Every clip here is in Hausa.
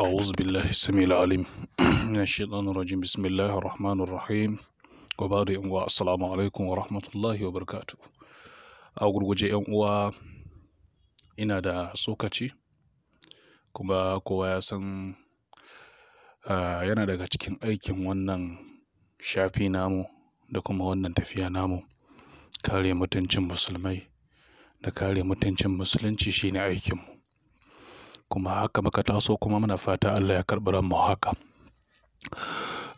أعوذ بالله السميع العليم من الشيطان الرجيم بسم الله الرحمن الرحيم uwa assalamu alaikum wa rahmatullahi wa barakatu a gurguje yan uwa ina da tsokaci kuma kowa ya san yana daga cikin aikin wannan shafi namu da kuma wannan tafiya namu kare mutuncin musulmai da kare mutuncin musulunci shine aikinmu kuma haka muka taso kuma muna fata Allah ya karɓi mu haka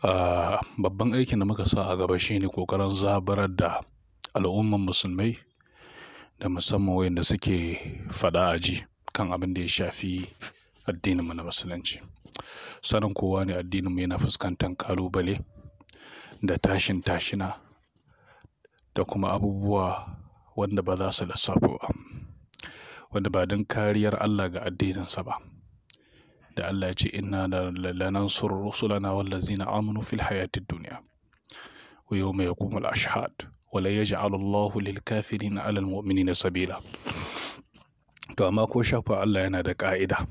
ah, babban aikin da muka sa a gaba shine kokarin zabarar da al'umman musulmai da musamman wayanda suke faɗa a ji kan abin da ya shafi addininmu na musulunci sanin kowa ne addininmu yana fuskantar kalubale da tashin tashina da kuma abubuwa wanda ba za su lissafo ba wanda ba don kariyar Allah ga addininsa ba da Allah ya ce inna lanansuru rusulana wallazina amanu fil hayati dunya wa yawma yaqumul ashhad wa la yaj'alu Allahu lil kafirin 'ala al mu'minina sabila to amma ko shafa Allah yana da ka'ida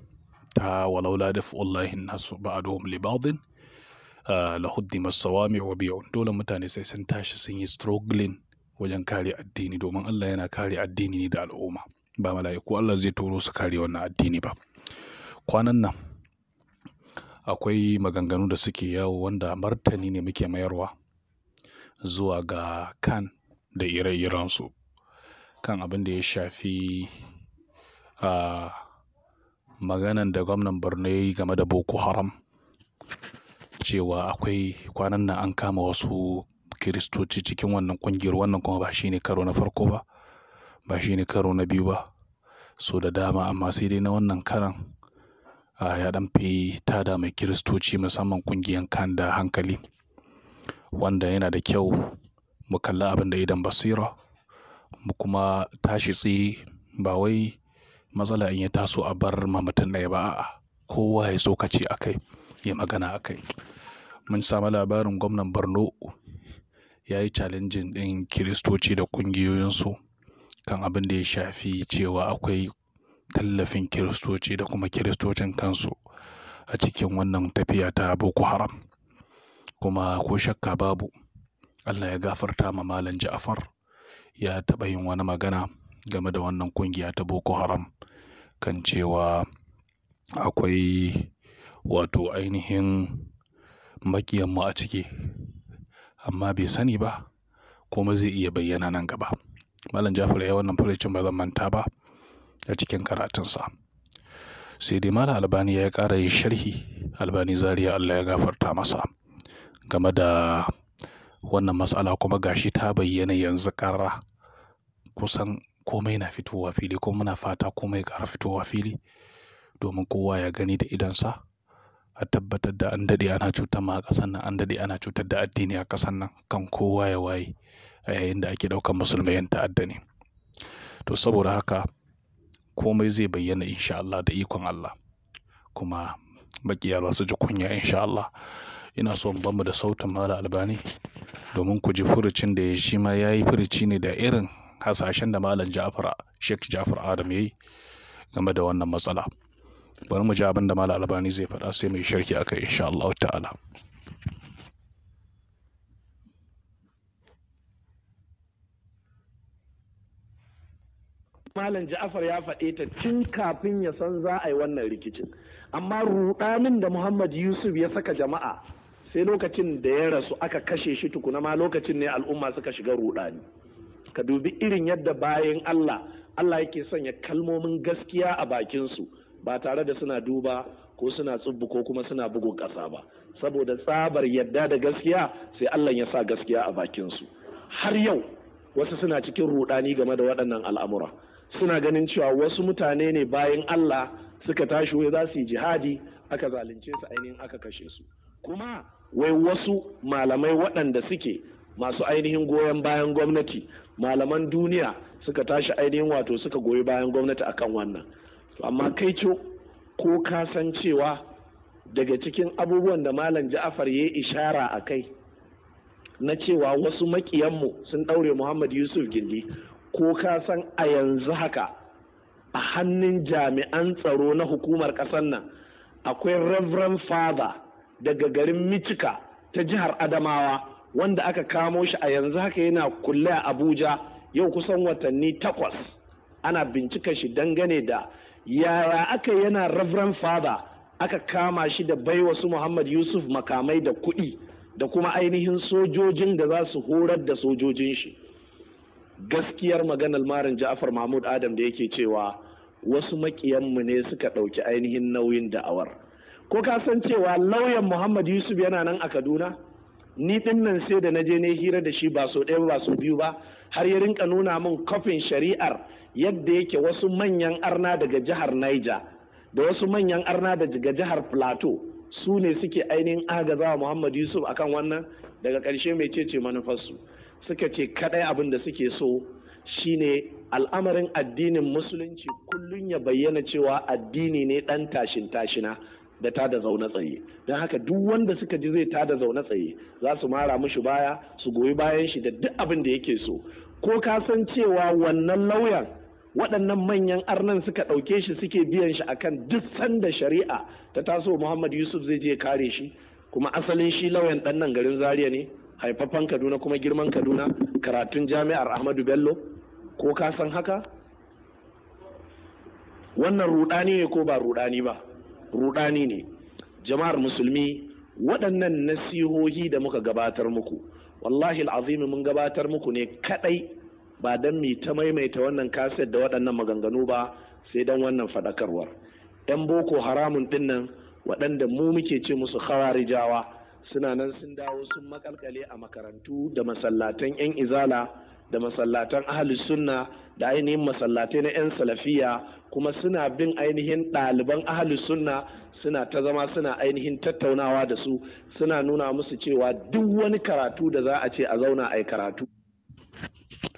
ta walaula daf'ullahi an-nas ba'dhum li ba'd lahuddi masawami wa biyun dole mutane sai sun tashi sun yi struggling wajen kare addini domin Allah yana kare addini ne da al'umma ba mala'iku Allah zai turo su kare wannan addini ba kwanan nan akwai maganganu da suke yawo wanda martani ne muke mayarwa zuwa ga kan da ire-irensu kan abin da ya shafi a maganan da gwamnan borno ya yi game da boko haram cewa akwai kwanan nan an kama wasu kiristoci cikin wannan kungiyar wannan kuma ba shi ne karo na farko ba ba shi ne karo na biyu ba so da dama amma sai dai na wannan karan a ya ɗan fi tada mai kiristoci musamman ƙungiyar kan da hankali wanda yana da kyau mu kalla abin da idan basira mu kuma tashi tsaye ba wai matsala in ya taso a bar mamatan ɗaya ba a'a kowa ya kace a kai ya magana a kai mun samu labarin gwamnan borno ya yi challenging ɗin kiristoci da ƙungiyoyinsu kan abin da ya shafi cewa akwai tallafin kiristoci da kuma kiristocin kansu a cikin wannan tafiya ta boko haram kuma ko shakka babu allah ya gafarta ma malam ja'afar ya taɓa yin wani magana game da wannan kungiya ta boko haram kan cewa akwai wato ainihin makiyanmu a ciki amma bai sani ba kuma zai iya bayyana nan gaba malam jafar ya wannan furucin ba zan manta ba a cikin karatunsa sai dai malam albani ya kara yin sharhi albani Zariya, allah ya gafarta masa game da wannan matsala kuma gashi ta bayyana yanzu kara kusan komai na fitowa fili kuma muna fata komai kara fitowa fili domin kowa ya gani da idansa a tabbatar da an daɗe ana cutar ma a ƙasar nan an daɗe ana cutar da addini a ƙasar nan kan kowa ya waye a yayin da ake ɗaukar musulmai yan ta'adda ne to saboda haka komai zai bayyana insha Allah da ikon Allah kuma makiya ba su ji kunya insha Allah ina so in mu da sautin mala albani domin ku ji furucin da ya shi ma ya yi furuci ne da irin hasashen da malam Ja'far Sheikh Ja'far Adam yayi game da wannan matsala bari mu ji abin da malam albani zai faɗa sai mai sharki akai insha Allah ta'ala malam ja'afar ya faɗe ta tun kafin ya san za a yi wannan rikicin amma rudanin da muhammad yusuf ya saka jama'a sai lokacin da ya rasu aka kashe shi tukuna ma lokacin ne al'umma suka shiga rudani ka dubi irin yadda bayan allah allah yake sanya kalmomin gaskiya a bakinsu ba tare da suna duba ko suna tsubbu ko kuma suna bugun ƙasa ba saboda tsabar yadda da gaskiya sai allah ya sa gaskiya a bakinsu har yau wasu suna cikin rudani game da waɗannan al'amura suna ganin cewa wasu mutane ne bayan Allah suka tashi wai za su yi jihadi aka zalunce su ainihin aka kashe su kuma wai wasu malamai waɗanda suke masu ainihin goyon bayan gwamnati malaman duniya suka tashi ainihin wato suka goyi bayan gwamnati akan wannan amma kai ko ka san cewa daga cikin abubuwan da malam ja'afar ya ishara a kai na cewa wasu makiyanmu sun ɗaure muhammad yusuf gindi ko ka san a yanzu haka a hannun jami'an tsaro na hukumar ƙasar nan akwai reverend father daga garin michika ta jihar adamawa wanda aka kamo shi a yanzu haka yana kulle a abuja yau kusan watanni takwas ana bincika shi dangane da yaya aka yana reverend father aka kama shi da bai wasu muhammad yusuf makamai da kuɗi da kuma ainihin sojojin da za su horar da sojojin shi gaskiyar maganar marin ja'afar mahmud adam da yake cewa wasu makiyanmu ne suka ɗauki ainihin nauyin da'awar ko ka san cewa lauyan muhammad yusuf yana nan a kaduna ni ɗin nan sai da na naje ne hira da shi ba so ɗaya ba so biyu ba har ya rinka nuna min kofin shari'ar yadda yake wasu manyan arna daga jihar niger da wasu manyan arna daga jihar plateau su ne suke ainihin agazawa muhammad yusuf akan wannan daga ƙarshe mai cece manufarsu suka ce kadai abin da suke so shine al'amarin addinin musulunci kullum ya bayyana cewa addini ne dan tashin tashina da ta da zaune tsaye don haka duk wanda suka ji zai ta da zaune tsaye za su mara mushi baya su goyi bayan shi da duk abin da yake so ko ka san cewa wannan lauyan waɗannan manyan arnan suka ɗauke shi suke biyan shi akan duk sanda shari'a ta taso muhammad yusuf zai je kare shi kuma asalin shi lauyan ɗan nan garin zaria ne haifafan kaduna kuma girman kaduna karatun jami'ar ahmadu bello ko ka san haka wannan rudani ne ko ba rudani ba rudani ne jama'ar musulmi waɗannan nasihohi da muka gabatar muku wallahi azimi mun gabatar muku ne kadai ba don mai ta maimaita wannan kaset da waɗannan maganganu ba sai don wannan faɗakarwar 'yan boko haramun ɗinnan waɗanda mu muke ce musu khawarijawa suna nan sun dawo sun makalkale a makarantu da masallatan 'yan izala da masallatan ahli sunna da ainihin masallatai na 'yan salafiya kuma suna bin ainihin ɗaliban ahalus sunna suna ta zama suna ainihin tattaunawa da su suna nuna musu cewa duk wani karatu da za a ce a zauna a yi karatu.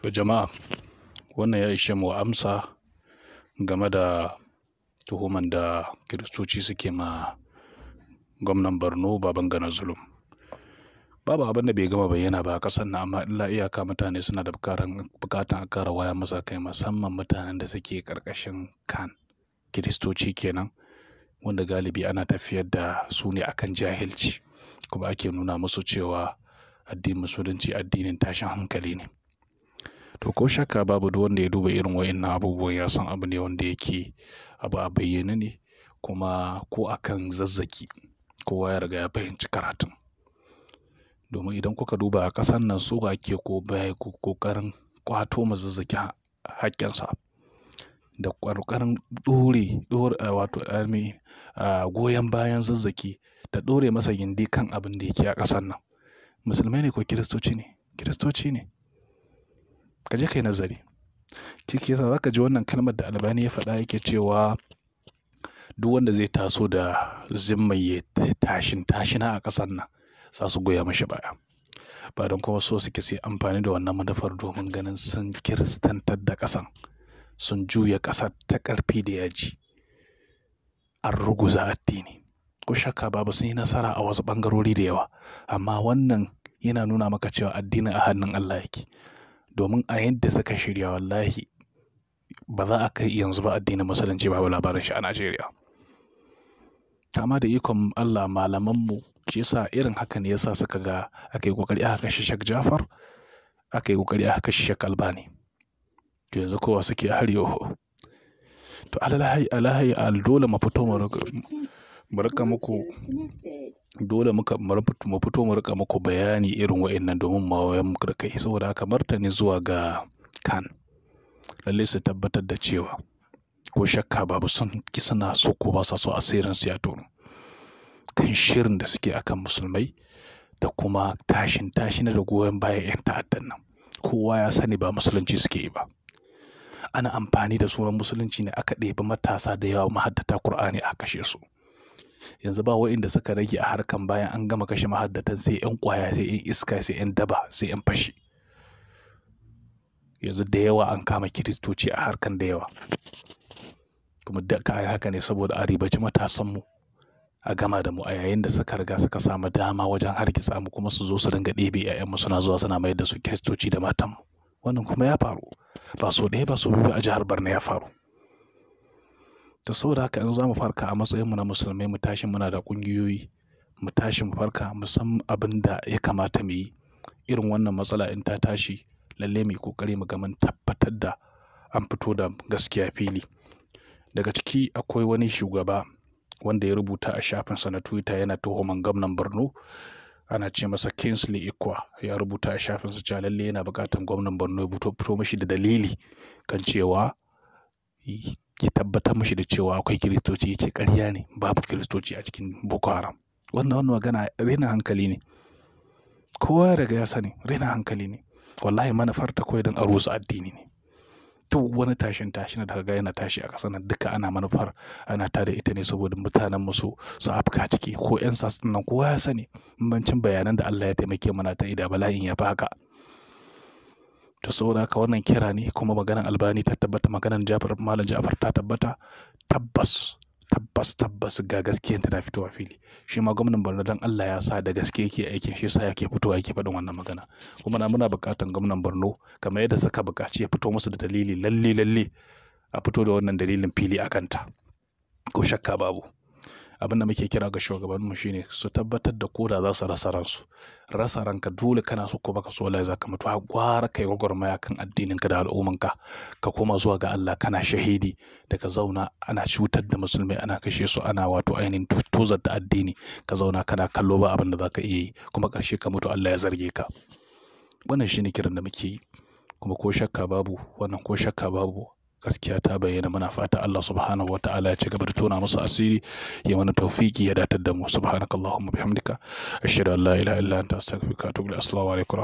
To jama'a wannan ya ishe mu amsa game da tuhuman da kiristoci suke ma gwamnan borno baban gana zulum babu abin da bai gama bayyana ba a kasar na amma illa iyaka mutane suna da bukatan a kara waya masa kai musamman mutanen da suke karkashin kan kiristoci kenan wanda galibi ana tafiyar da su ne akan jahilci kuma ake nuna musu cewa addinin musulunci addinin tashin hankali ne to ko shakka babu duk wanda ya duba irin wayannan abubuwan ya san abu ne wanda yake abu a bayyane ne kuma ko akan zazzaki kowa ya riga ya fahimci karatun domin idan kuka duba a ƙasan nan su ke ko baya ko ƙoƙarin ƙwato mazazzaki haƙƙinsa da ƙoƙarin ɗore wato armi goyon bayan zazzaki da dore masa gindi kan abin da yake a ƙasan nan musulmai ne ko kiristoci ne kiristoci ne ka je kai nazari kike yasa zaka ji wannan kalmar da albani ya faɗa yake cewa duk wanda zai taso da zimmai ya tashin tashina a ƙasar nan sa su goya mashi baya ba don kuma so suke sai amfani da wannan manufar domin ganin sun kiristantar da ƙasan sun juya ƙasar ta ƙarfi da yaji an ruguza addini ko shakka babu sun yi nasara a wasu ɓangarori da yawa amma wannan yana nuna maka cewa addinin a hannun Allah yake domin a yadda suka shirya wallahi ba za a kai yanzu ba addinin musulunci babu labarin shi a Najeriya. kama da ikon Allah malamanmu shi yasa irin haka ne yasa suka ga aka yi kokari aka kashe Sheikh Jafar aka yi kokari aka kashe Sheikh Albani to yanzu kowa suke har yau to alalahi alahi al dole mu fito mu rika muku dole muka mu fito mu rika muku bayani irin wa'annan domin mawayan mu da kai saboda haka martani zuwa ga kan lalle su tabbatar da cewa ko shakka babu son ki suna so ko ba sa so asirin su ya tono kan shirin da suke akan musulmai da kuma tashin tashin da goyon bayan 'yan ta'addan nan kowa ya sani ba musulunci suke yi ba ana amfani da sunan musulunci ne aka ɗebi matasa da yawa mahaddata Kur'ani a kashe su yanzu ba wa'inda suka rage a harkan bayan an gama kashe mahaddatan sai 'yan kwaya sai 'yan iska sai 'yan daba sai 'yan fashi yanzu da yawa an kama kiristoci a harkan da yawa kuma da kayan haka ne saboda a ribaci matasanmu a gama da mu a yayin da suka riga suka samu dama wajen harkitsa mu kuma su zo su ringa ɗebe 'ya'yanmu suna zuwa suna mayar da su kiristoci da matanmu wannan kuma ya faru ba so ɗaya ba so biyu a jihar Barna ya faru to saboda haka in za mu farka a matsayinmu na musulmai mu tashi muna da ƙungiyoyi mu tashi mu farka mu san abin da ya kamata mu yi irin wannan matsala in ta tashi lalle mu yi ƙoƙari mu ga mun tabbatar da an fito da gaskiya fili daga ciki akwai wani shugaba wanda ya rubuta a shafinsa na twitter yana tuhuman gwamnan borno ana ce masa kinsley Ikwa ya rubuta a shafinsa cewa lalle yana buƙatar gwamnan Borno ya fito mashi da dalili kan cewa ya tabbatar mashi da cewa akwai kiristoci yake ƙarya ne babu kiristoci a cikin Boko Haram wannan wannan magana rena hankali ne kowa ya ya sani rena hankali ne wallahi manufar ta koyar don a addini ne duk wani tashin tashin na ga yana tashi a ƙasar nan duka ana manufar ana tare ita ne saboda mutanen musu su su afka ciki ko yan sas nan kowa ya sani bancin bayanan da Allah ya taimake mana ta ida bala'in ya fi haka to saboda haka wannan kira ne kuma maganar albani ta tabbata maganar jafar malam jafar ta tabbata tabbas tabbas tabbas ga gaskiyar ta fitowa fili shi ma gwamnan Borno don Allah ya sa da gaske yake aikin shi yasa yake fitowa yake faɗin wannan magana kuma na muna buƙatan gwamnan Borno kamar yadda suka buƙaci ya fito musu da dalili lalle lalle a fito da wannan dalilin fili a kanta ko shakka babu abin da muke kira ga mu shine su tabbatar da koda za su rasa ransu rasa ranka dole kana so ko baka so ya zaka mutu har gwara kai gwagwarmaya kan addininka da al'umman ka ka koma zuwa ga Allah kana shahidi da ka zauna ana cutar da musulmai ana kashe su ana wato ainihin tutuzar da addini ka zauna kana kallo ba abin da zaka iya yi kuma karshe ka mutu Allah ya zarge ka wannan shine kiran da muke yi kuma ko shakka babu wannan ko shakka babu gaskiya ta bayyana muna fata Allah subhanahu wa ta'ala ya ci gaba da tona musu asiri ya mana tawfiki ya datar da mu subhanakallahumma bihamdika ashhadu an la ilaha illa anta astaghfiruka wa atubu ilaik assalamu alaikum